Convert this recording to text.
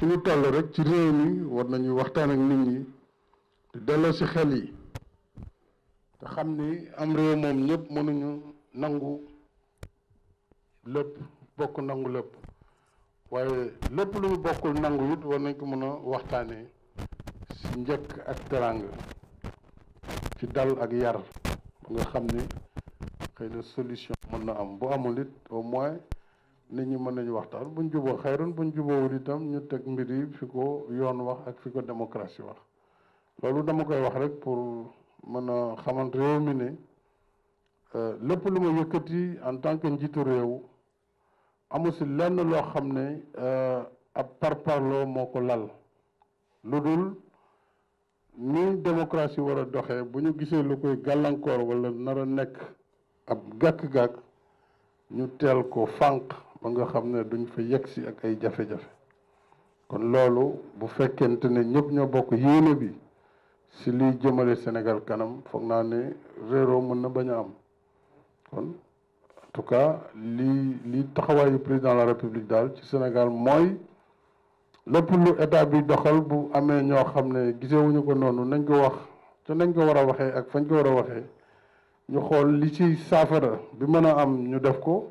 fu ñu toll rek ci réew mi war nañu waxtaan ak nit ñi te delloo si xel yi te xam ni am réew moom ñëpp mënuñu nangu lépp bokk nangu lépp waaye lépp lu ñu bokkul nangu it war nañ ko mën a waxtaanee si njëkk ak teraang ci dal ak yar ba nga xam ni xëy na solution mën na am bu amul it au moins nit ñi mën nañu waxtaan buñ jubo xayrun buñ juboowul itam ñu teg mbir yi fi ko yoon wax ak fi ko démocratie wax loolu dama koy wax rek pour mën a xamant réew mi ne euh, lépp lu ma yëkkati en tant que njiitu réew amu si lenn loo xam ne euh, ab parparloo moo ko lal lu dul ni démocratie war a doxee bu ñu gisee lu koy gàllankoor wala nar a nekk ab gàkk-gàkk ñu teel ko fànq ba nga xam ne duñ fa yegg si ak ay jafe-jafe kon loolu bu fekkent ne ñëpp ñoo bokk yéene bi si liy jëmale Sénégal kanam foog naa ne réeroo mën na bañ a am kon en li cas lii lii taxawaayu président la république daal ci Sénégal mooy lépp lu état bi doxal bu amee ñoo xam ne gisewuñu ko noonu nañ ko wax te nañ ko war a waxee ak fañ ko war a waxee ñu xool li ci saafara bi mën a am ñu def ko